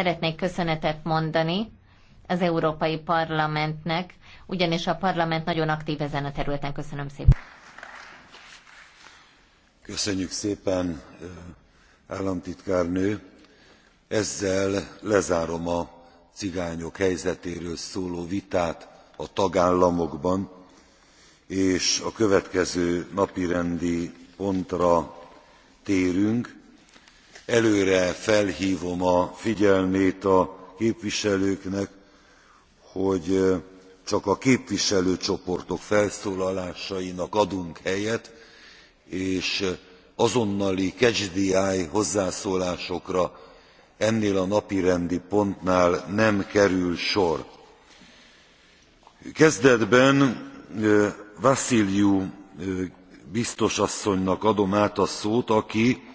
Szeretnék köszönetet mondani az Európai Parlamentnek, ugyanis a parlament nagyon aktív ezen a területen. Köszönöm szépen. Köszönjük szépen, államtitkárnő. Ezzel lezárom a cigányok helyzetéről szóló vitát a tagállamokban, és a következő napirendi pontra térünk előre felhvom a figyelmét a képviselőknek hogy csak a képviselőcsoportok felszólalásainak adunk helyet és azonnali catch the eye hozzászólásokra ennél a napirendi pontnál nem kerül sor. kezdetben vassiliou biztos asszonynak adom át a szót aki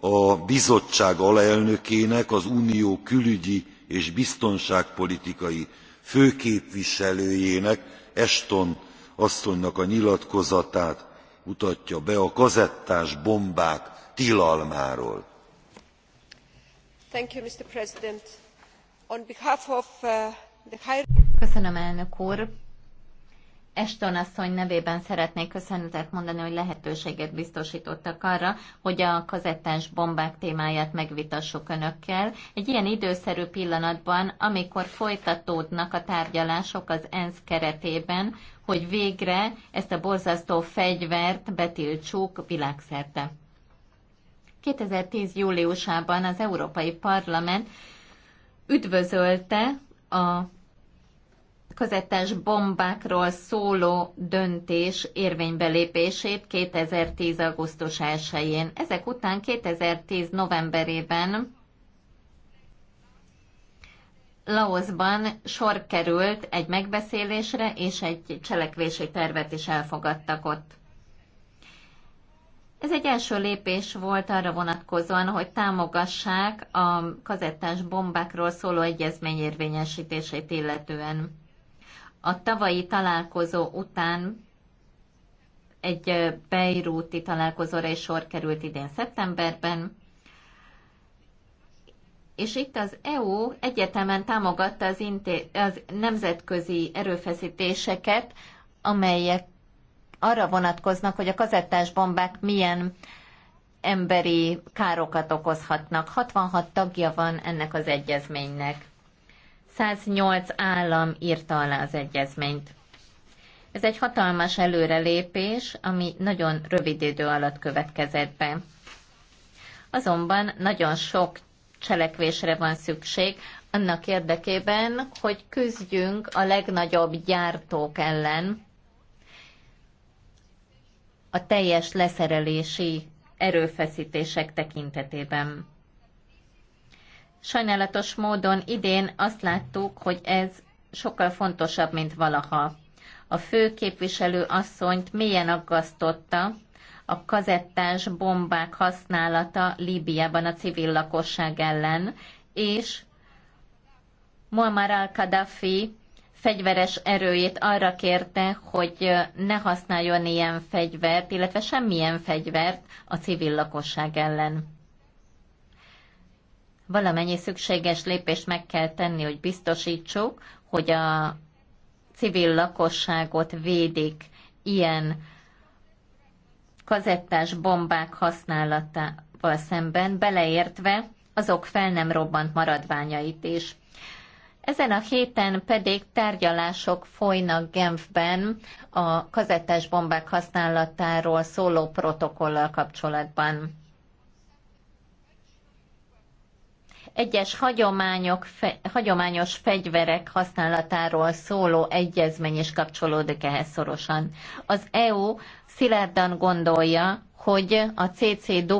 a bizottság alelnökének az unió külügyi és biztonságpolitikai főképviselőjének ashton asszonynak a nyilatkozatát mutatja be a kazettás bombák tilalmáról. Uh, Köszönöm, elnök úr! Eston asszony nevében szeretnék köszönetet mondani, hogy lehetőséget biztosítottak arra, hogy a kazettás bombák témáját megvitassuk önökkel. Egy ilyen időszerű pillanatban, amikor folytatódnak a tárgyalások az ENSZ keretében, hogy végre ezt a borzasztó fegyvert betiltsuk világszerte. 2010. júliusában az Európai Parlament üdvözölte a közetes bombákról szóló döntés érvénybelépését 2010. augusztus 1-én. Ezek után 2010. novemberében Laosban sor került egy megbeszélésre, és egy cselekvési tervet is elfogadtak ott. Ez egy első lépés volt arra vonatkozóan, hogy támogassák a kazettás bombákról szóló egyezmény érvényesítését illetően a tavalyi találkozó után egy Beirúti találkozóra is sor került idén szeptemberben, és itt az EU egyetemen támogatta az, inté- az nemzetközi erőfeszítéseket, amelyek arra vonatkoznak, hogy a kazettás bombák milyen emberi károkat okozhatnak. 66 tagja van ennek az egyezménynek. 108 állam írta alá az egyezményt. Ez egy hatalmas előrelépés, ami nagyon rövid idő alatt következett be. Azonban nagyon sok cselekvésre van szükség annak érdekében, hogy küzdjünk a legnagyobb gyártók ellen a teljes leszerelési erőfeszítések tekintetében. Sajnálatos módon idén azt láttuk, hogy ez sokkal fontosabb, mint valaha. A fő képviselő asszonyt mélyen aggasztotta a kazettás bombák használata Líbiában a civil lakosság ellen, és Muammar al-Qaddafi fegyveres erőjét arra kérte, hogy ne használjon ilyen fegyvert, illetve semmilyen fegyvert a civil lakosság ellen valamennyi szükséges lépést meg kell tenni, hogy biztosítsuk, hogy a civil lakosságot védik ilyen kazettás bombák használatával szemben, beleértve azok fel nem robbant maradványait is. Ezen a héten pedig tárgyalások folynak Genfben a kazettás bombák használatáról szóló protokollal kapcsolatban. egyes hagyományok, fe, hagyományos fegyverek használatáról szóló egyezmény is kapcsolódik ehhez szorosan. Az EU szilárdan gondolja, hogy a CCW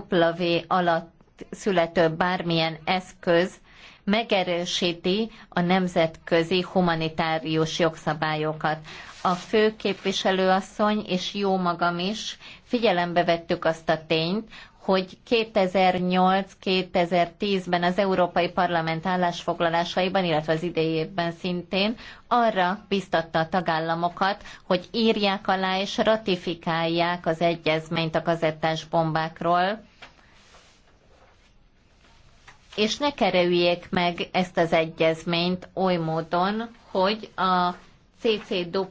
alatt születő bármilyen eszköz megerősíti a nemzetközi humanitárius jogszabályokat. A fő képviselőasszony és jó magam is figyelembe vettük azt a tényt, hogy 2008-2010-ben az Európai Parlament állásfoglalásaiban, illetve az idejében szintén arra biztatta a tagállamokat, hogy írják alá és ratifikálják az egyezményt a kazettás bombákról, és ne kerüljék meg ezt az egyezményt oly módon, hogy a CCW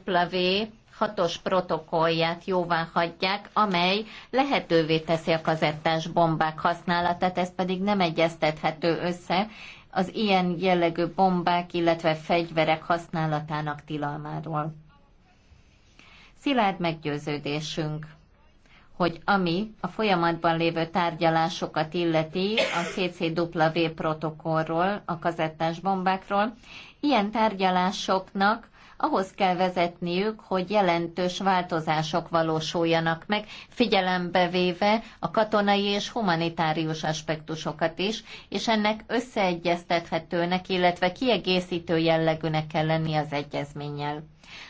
hatos protokollját jóvá hagyják, amely lehetővé teszi a kazettás bombák használatát, ez pedig nem egyeztethető össze az ilyen jellegű bombák, illetve fegyverek használatának tilalmáról. Szilárd meggyőződésünk, hogy ami a folyamatban lévő tárgyalásokat illeti a CCW protokollról, a kazettás bombákról, ilyen tárgyalásoknak ahhoz kell vezetniük, hogy jelentős változások valósuljanak meg, figyelembe véve a katonai és humanitárius aspektusokat is, és ennek összeegyeztethetőnek, illetve kiegészítő jellegűnek kell lenni az egyezménnyel.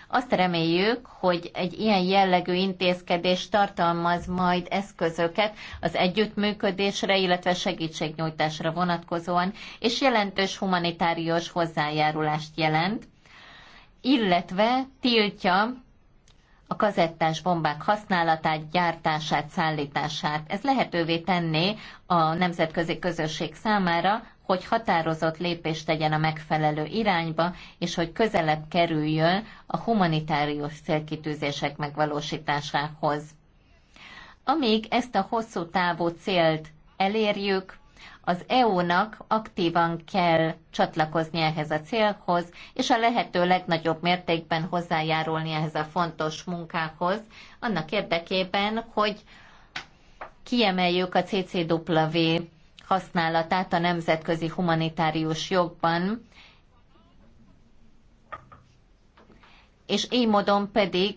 Azt reméljük, hogy egy ilyen jellegű intézkedés tartalmaz majd eszközöket az együttműködésre, illetve segítségnyújtásra vonatkozóan, és jelentős humanitárius hozzájárulást jelent, illetve tiltja a kazettás bombák használatát, gyártását, szállítását. Ez lehetővé tenné a nemzetközi közösség számára, hogy határozott lépést tegyen a megfelelő irányba, és hogy közelebb kerüljön a humanitárius célkitűzések megvalósításához. Amíg ezt a hosszú távú célt elérjük, az EU-nak aktívan kell csatlakozni ehhez a célhoz, és a lehető legnagyobb mértékben hozzájárulni ehhez a fontos munkához, annak érdekében, hogy kiemeljük a CCW használatát a nemzetközi humanitárius jogban, és így módon pedig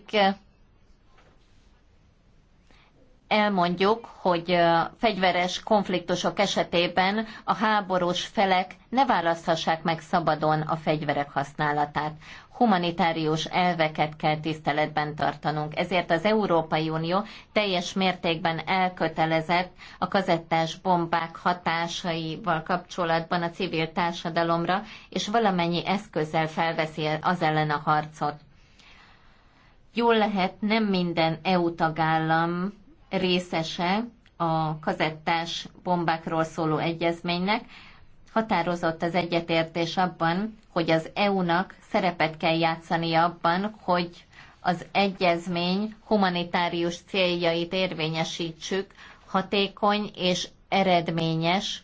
elmondjuk, hogy fegyveres konfliktusok esetében a háborús felek ne választhassák meg szabadon a fegyverek használatát. Humanitárius elveket kell tiszteletben tartanunk. Ezért az Európai Unió teljes mértékben elkötelezett a kazettás bombák hatásaival kapcsolatban a civil társadalomra, és valamennyi eszközzel felveszi az ellen a harcot. Jól lehet, nem minden EU tagállam részese a kazettás bombákról szóló egyezménynek, határozott az egyetértés abban, hogy az EU-nak szerepet kell játszania abban, hogy az egyezmény humanitárius céljait érvényesítsük hatékony és eredményes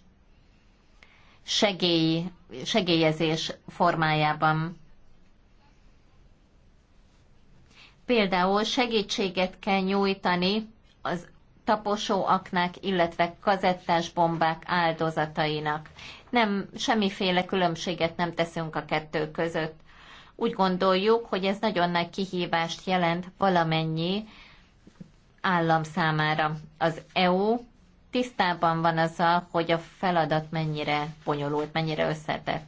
segély, segélyezés formájában. Például segítséget kell nyújtani az taposó illetve kazettás bombák áldozatainak. Nem, semmiféle különbséget nem teszünk a kettő között. Úgy gondoljuk, hogy ez nagyon nagy kihívást jelent valamennyi állam számára. Az EU tisztában van azzal, hogy a feladat mennyire bonyolult, mennyire összetett.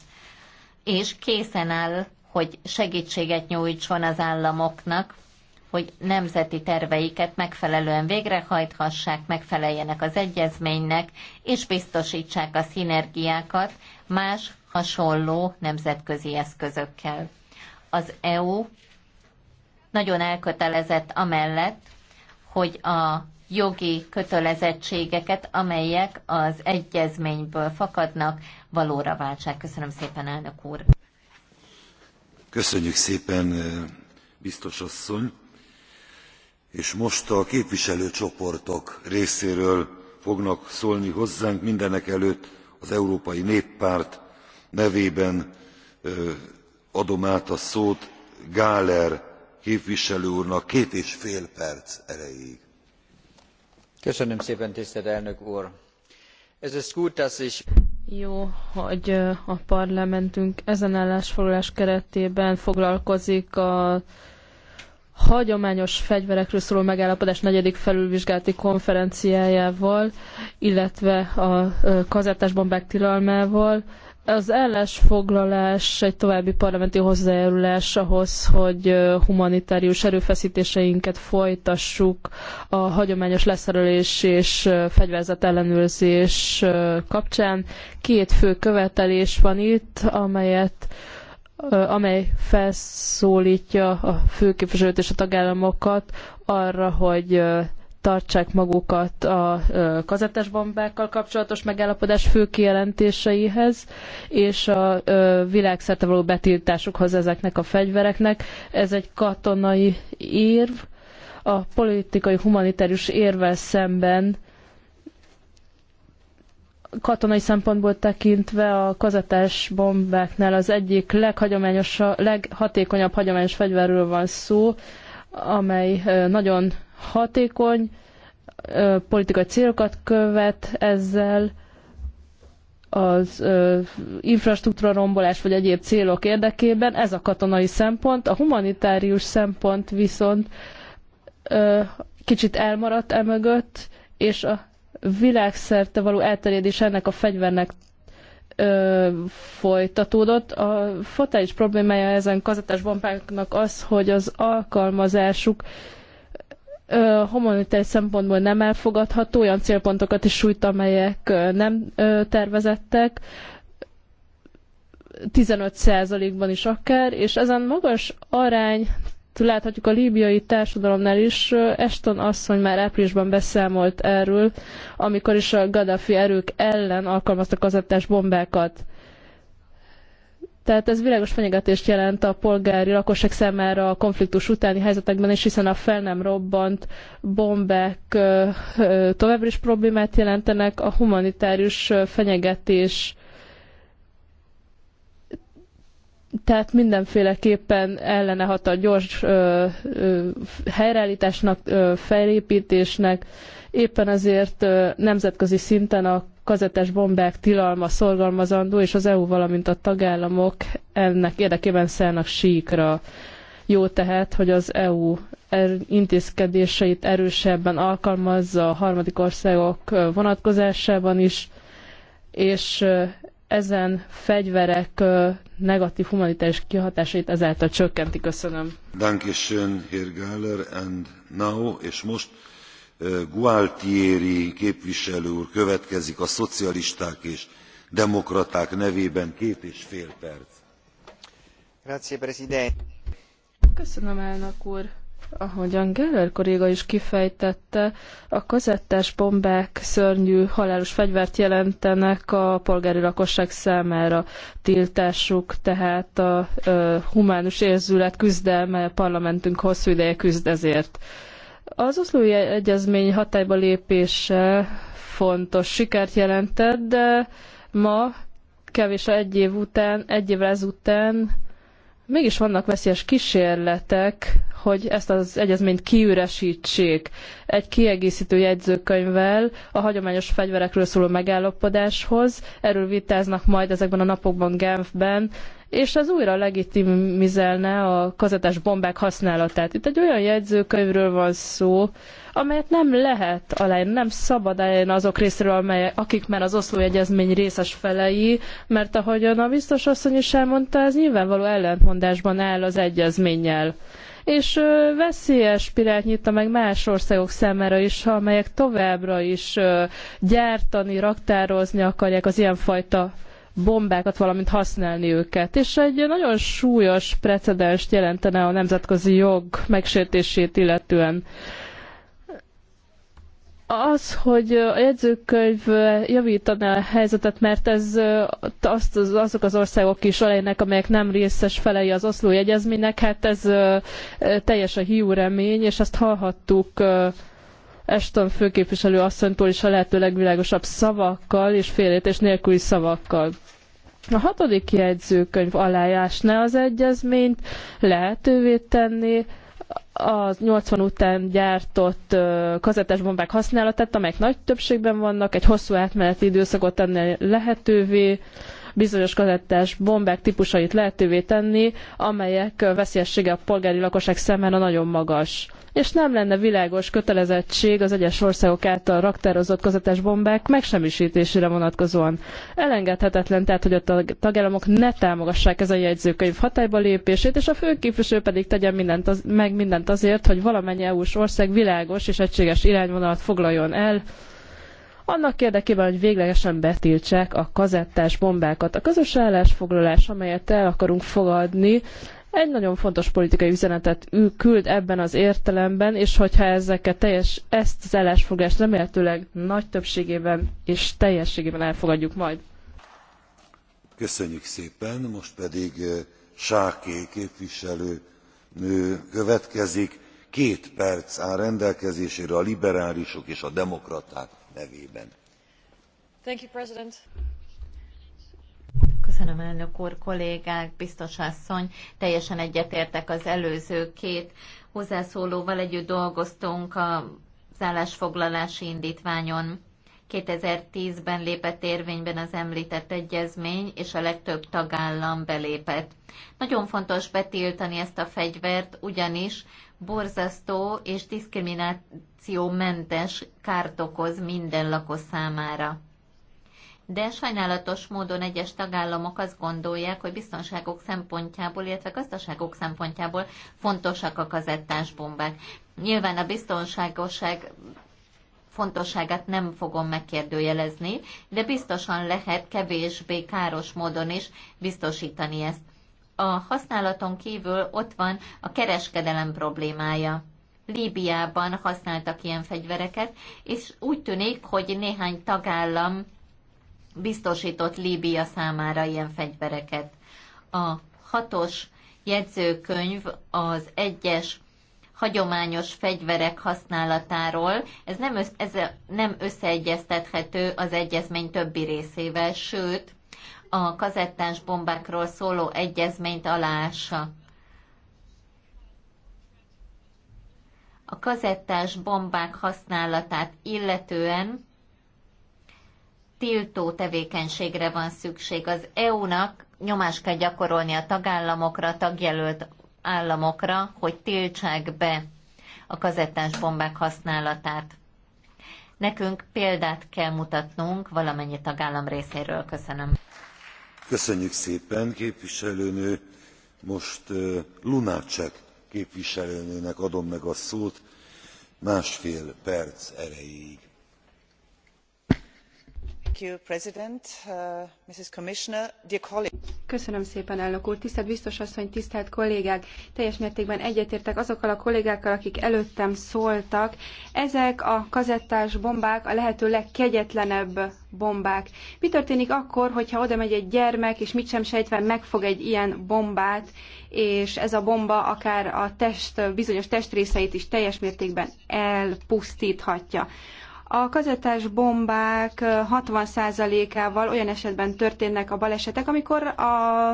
És készen áll, hogy segítséget nyújtson az államoknak hogy nemzeti terveiket megfelelően végrehajthassák, megfeleljenek az egyezménynek, és biztosítsák a szinergiákat más hasonló nemzetközi eszközökkel. Az EU nagyon elkötelezett amellett, hogy a jogi kötelezettségeket, amelyek az egyezményből fakadnak, valóra váltsák. Köszönöm szépen, elnök úr! Köszönjük szépen, eh, biztos asszony! és most a képviselőcsoportok részéről fognak szólni hozzánk mindenekelőtt az európai néppárt nevében adom át a szót gahler képviselő úrnak két és fél perc erejéig. jó hogy a parlamentünk ezen állásfoglalás keretében foglalkozik a hagyományos fegyverekről szóló megállapodás negyedik felülvizsgálati konferenciájával, illetve a kazettás bombák tilalmával. Az állásfoglalás egy további parlamenti hozzájárulás ahhoz, hogy humanitárius erőfeszítéseinket folytassuk a hagyományos leszerelés és fegyverzet ellenőrzés kapcsán. Két fő követelés van itt, amelyet amely felszólítja a főképviselőt és a tagállamokat arra, hogy tartsák magukat a kazettes bombákkal kapcsolatos megállapodás fő kijelentéseihez, és a világszerte való betiltásukhoz ezeknek a fegyvereknek. Ez egy katonai érv, a politikai humanitárius érvel szemben katonai szempontból tekintve a kazetás bombáknál az egyik leghagyományos, leghatékonyabb hagyományos fegyverről van szó, amely nagyon hatékony, politikai célokat követ ezzel, az infrastruktúra rombolás vagy egyéb célok érdekében. Ez a katonai szempont. A humanitárius szempont viszont kicsit elmaradt emögött, és a világszerte való elterjedés ennek a fegyvernek ö, folytatódott. A fatális problémája ezen kazettás bombáknak az, hogy az alkalmazásuk homonitás szempontból nem elfogadható, olyan célpontokat is sújt, amelyek ö, nem ö, tervezettek, 15%-ban is akár, és ezen magas arány láthatjuk a líbiai társadalomnál is. Eston asszony már áprilisban beszámolt erről, amikor is a Gaddafi erők ellen alkalmaztak kazettás bombákat. Tehát ez világos fenyegetést jelent a polgári lakosság számára a konfliktus utáni helyzetekben is, hiszen a fel nem robbant bombák továbbra is problémát jelentenek, a humanitárius fenyegetés tehát mindenféleképpen ellene hat a gyors ö, ö, helyreállításnak, ö, felépítésnek, éppen ezért ö, nemzetközi szinten a kazetes bombák tilalma szorgalmazandó, és az EU, valamint a tagállamok ennek érdekében szállnak síkra. Jó tehát, hogy az EU er-, intézkedéseit erősebben alkalmazza a harmadik országok vonatkozásában is, és ezen fegyverek negatív humanitárius kihatásait ezáltal csökkenti. Köszönöm. Dankeschön, Herr Gáler, and now, és most Gualtieri képviselő úr következik a szocialisták és demokraták nevében két és fél perc. Grazie, Presidente. Köszönöm, elnök úr. Ahogyan Geller kolléga is kifejtette, a kazettás bombák szörnyű halálos fegyvert jelentenek a polgári lakosság számára. Tiltásuk, tehát a humánus érzület küzdelme, a parlamentünk hosszú ideje küzd ezért. Az oszlói egyezmény hatályba lépése fontos sikert jelentett, de ma kevés egy év után, egy évvel ezután mégis vannak veszélyes kísérletek hogy ezt az egyezményt kiüresítsék egy kiegészítő jegyzőkönyvvel a hagyományos fegyverekről szóló megállapodáshoz. Erről vitáznak majd ezekben a napokban Genfben, és ez újra legitimizálná a kazettás bombák használatát. Itt egy olyan jegyzőkönyvről van szó, amelyet nem lehet aláírni, nem szabad aláírni azok részéről, amelyek akik már az oszló egyezmény részes felei, mert ahogyan a biztos asszony is elmondta, ez nyilvánvaló ellentmondásban áll az egyezménnyel és veszélyes spirált nyitna meg más országok számára is, amelyek továbbra is gyártani, raktározni akarják az ilyenfajta bombákat, valamint használni őket. És egy nagyon súlyos precedenst jelentene a nemzetközi jog megsértését illetően az, hogy a jegyzőkönyv javítaná a helyzetet, mert ez azt, azok az országok is aláírnak, amelyek nem részes felei az oszlói egyezménynek, hát ez teljes a hiú remény, és ezt hallhattuk Eston főképviselő asszonytól is a lehető legvilágosabb szavakkal és félértés nélküli szavakkal. A hatodik jegyzőkönyv aláásná az egyezményt, lehetővé tenni, a 80 után gyártott kazettás bombák használatát, amelyek nagy többségben vannak, egy hosszú átmeneti időszakot tenni lehetővé, bizonyos kazettás bombák típusait lehetővé tenni, amelyek veszélyessége a polgári lakosság számára nagyon magas és nem lenne világos kötelezettség az egyes országok által raktározott kazettás bombák megsemmisítésére vonatkozóan. Elengedhetetlen tehát, hogy a tagállamok ne támogassák ezen jegyzőkönyv hatályba lépését, és a főképviselő pedig tegyen mindent az, meg mindent azért, hogy valamennyi EU-s ország világos és egységes irányvonalat foglaljon el, annak érdekében, hogy véglegesen betiltsák a kazettás bombákat. A közös állásfoglalás, amelyet el akarunk fogadni, egy nagyon fontos politikai üzenetet küld ebben az értelemben, és hogyha ezeket teljes, ezt az állásfogást remélhetőleg nagy többségében és teljességében elfogadjuk majd. Köszönjük szépen, most pedig eh, Sáké képviselő nő következik. Két perc áll rendelkezésére a liberálisok és a demokraták nevében. Thank you, President. Köszönöm, elnök úr, kollégák, biztos asszony. Teljesen egyetértek az előző két hozzászólóval. Együtt dolgoztunk a állásfoglalási indítványon. 2010-ben lépett érvényben az említett egyezmény, és a legtöbb tagállam belépett. Nagyon fontos betiltani ezt a fegyvert, ugyanis borzasztó és diszkriminációmentes kárt okoz minden lakos számára de sajnálatos módon egyes tagállamok azt gondolják, hogy biztonságok szempontjából, illetve gazdaságok szempontjából fontosak a kazettás bombák. Nyilván a biztonságosság fontosságát nem fogom megkérdőjelezni, de biztosan lehet kevésbé káros módon is biztosítani ezt. A használaton kívül ott van a kereskedelem problémája. Líbiában használtak ilyen fegyvereket, és úgy tűnik, hogy néhány tagállam biztosított Líbia számára ilyen fegyvereket. A hatos jegyzőkönyv az egyes hagyományos fegyverek használatáról, ez nem, össze, ez nem összeegyeztethető az egyezmény többi részével, sőt, a kazettás bombákról szóló egyezményt aláássa. A kazettás bombák használatát illetően tiltó tevékenységre van szükség. Az EU-nak nyomás kell gyakorolni a tagállamokra, a tagjelölt államokra, hogy tiltsák be a kazettás bombák használatát. Nekünk példát kell mutatnunk valamennyi tagállam részéről. Köszönöm. Köszönjük szépen, képviselőnő. Most Lunácsek képviselőnőnek adom meg a szót másfél perc erejéig. Uh, Köszönöm szépen, elnök úr. Tisztelt biztos asszony, tisztelt kollégák! Teljes mértékben egyetértek azokkal a kollégákkal, akik előttem szóltak. Ezek a kazettás bombák a lehető legkegyetlenebb bombák. Mi történik akkor, hogyha oda megy egy gyermek, és mit sem sejtve megfog egy ilyen bombát, és ez a bomba akár a test, bizonyos testrészeit is teljes mértékben elpusztíthatja. A kazettás bombák 60%-ával olyan esetben történnek a balesetek, amikor a,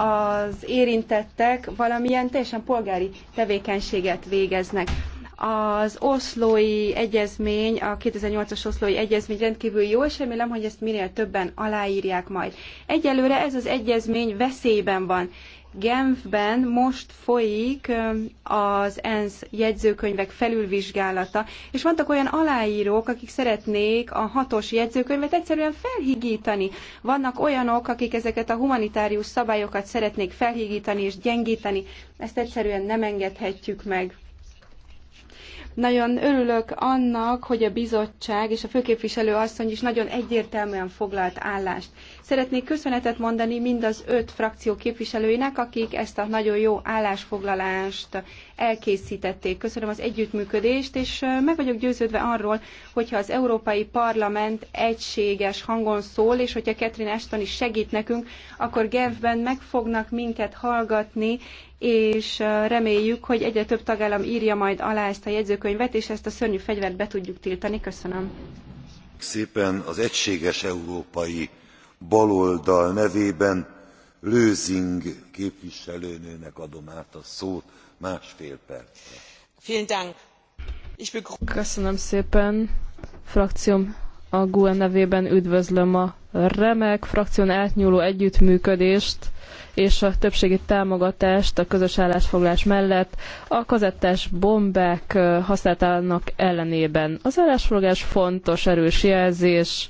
az érintettek valamilyen teljesen polgári tevékenységet végeznek. Az oszlói egyezmény, a 2008-as oszlói egyezmény rendkívül jó, és remélem, hogy ezt minél többen aláírják majd. Egyelőre ez az egyezmény veszélyben van, Genfben most folyik az ENSZ jegyzőkönyvek felülvizsgálata, és vannak olyan aláírók, akik szeretnék a hatos jegyzőkönyvet egyszerűen felhigítani. Vannak olyanok, akik ezeket a humanitárius szabályokat szeretnék felhigítani és gyengíteni. Ezt egyszerűen nem engedhetjük meg. Nagyon örülök annak, hogy a bizottság és a főképviselő asszony is nagyon egyértelműen foglalt állást. Szeretnék köszönetet mondani mind az öt frakció képviselőinek, akik ezt a nagyon jó állásfoglalást elkészítették. Köszönöm az együttműködést, és meg vagyok győződve arról, hogyha az Európai Parlament egységes hangon szól, és hogyha Ketrin Ashton is segít nekünk, akkor Genfben meg fognak minket hallgatni, és reméljük, hogy egyre több tagállam írja majd alá ezt a jegyzőkönyvet, és ezt a szörnyű fegyvert be tudjuk tiltani. Köszönöm. Szépen az egységes európai baloldal nevében Lőzing képviselőnőnek adom át a szót. Köszönöm szépen. Frakcióm a GUE nevében üdvözlöm a remek frakción átnyúló együttműködést és a többségi támogatást a közös állásfoglalás mellett a kazettás bombák használatának ellenében. Az állásfoglalás fontos erős jelzés,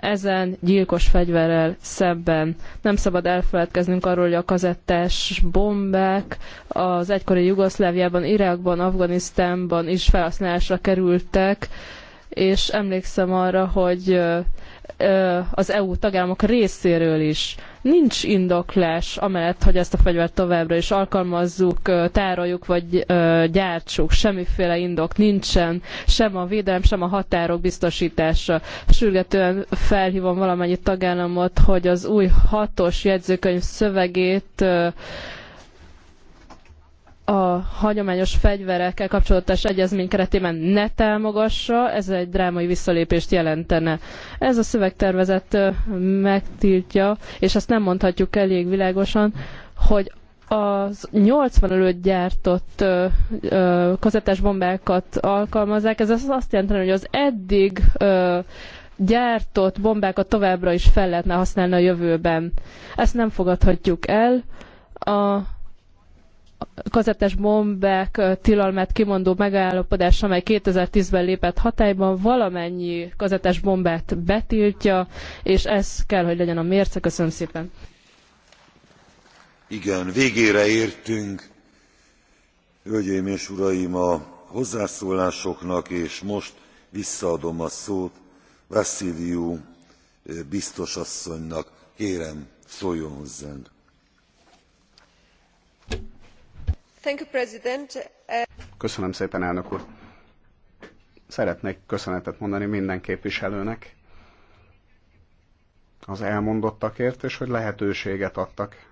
ezen gyilkos fegyverrel szebben. Nem szabad elfeledkeznünk arról, hogy a kazettás bombák az egykori Jugoszláviában, Irakban, Afganisztánban is felhasználásra kerültek, és emlékszem arra, hogy az EU tagállamok részéről is nincs indoklás amellett, hogy ezt a fegyvert továbbra is alkalmazzuk, tároljuk vagy gyártsuk. Semmiféle indok nincsen, sem a védelem, sem a határok biztosítása. Sürgetően felhívom valamennyi tagállamot, hogy az új hatos jegyzőkönyv szövegét a hagyományos fegyverekkel kapcsolatos egyezmény keretében ne támogassa, ez egy drámai visszalépést jelentene. Ez a szövegtervezet megtiltja, és ezt nem mondhatjuk elég világosan, hogy az 80 előtt gyártott kazettás bombákat alkalmazzák. Ez azt jelenti, hogy az eddig ö, gyártott bombákat továbbra is fel lehetne használni a jövőben. Ezt nem fogadhatjuk el. A Kazettás bombák tilalmát kimondó megállapodás, amely 2010-ben lépett hatályba, valamennyi kazettás bombát betiltja, és ez kell, hogy legyen a mérce. Köszönöm szépen. Igen, végére értünk. Hölgyeim és uraim, a hozzászólásoknak, és most visszaadom a szót Vassziliu biztos asszonynak. Kérem, szóljon hozzánk. Köszönöm szépen, elnök úr. Szeretnék köszönetet mondani minden képviselőnek az elmondottakért, és hogy lehetőséget adtak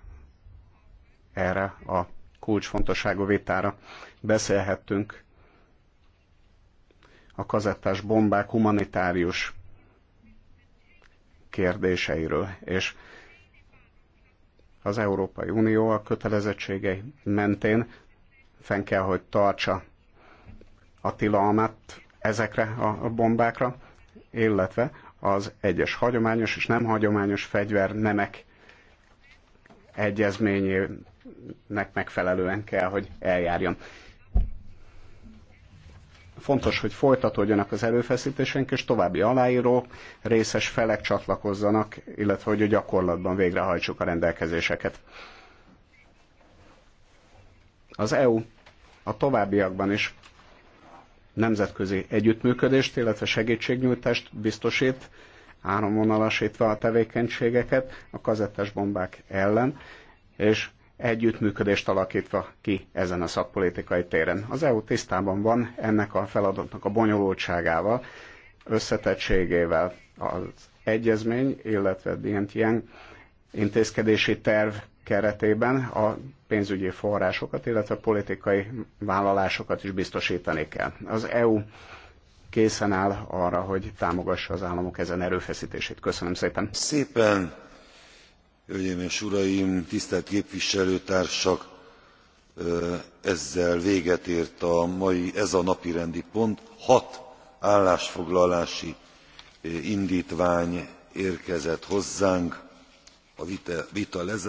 erre a kulcsfontosságú vitára. Beszélhettünk a kazettás bombák humanitárius kérdéseiről, és az Európai Unió a kötelezettségei mentén fenn kell, hogy tartsa a tilalmat ezekre a bombákra, illetve az egyes hagyományos és nem hagyományos nemek egyezményének megfelelően kell, hogy eljárjon. Fontos, hogy folytatódjanak az erőfeszítéseink, és további aláírók, részes felek csatlakozzanak, illetve hogy a gyakorlatban végrehajtsuk a rendelkezéseket. Az EU a továbbiakban is nemzetközi együttműködést, illetve segítségnyújtást biztosít, áramvonalasítva a tevékenységeket a kazettás bombák ellen, és együttműködést alakítva ki ezen a szakpolitikai téren. Az EU tisztában van ennek a feladatnak a bonyolultságával, összetettségével. Az egyezmény, illetve ilyen intézkedési terv keretében a pénzügyi forrásokat, illetve politikai vállalásokat is biztosítani kell. Az EU készen áll arra, hogy támogassa az államok ezen erőfeszítését. Köszönöm szépen. Szépen hölgyeim és uraim tisztelt képviselőtársak! ezzel véget ért a mai ez a napirendi pont hat állásfoglalási indtvány érkezett hozzánk a vita lezárására.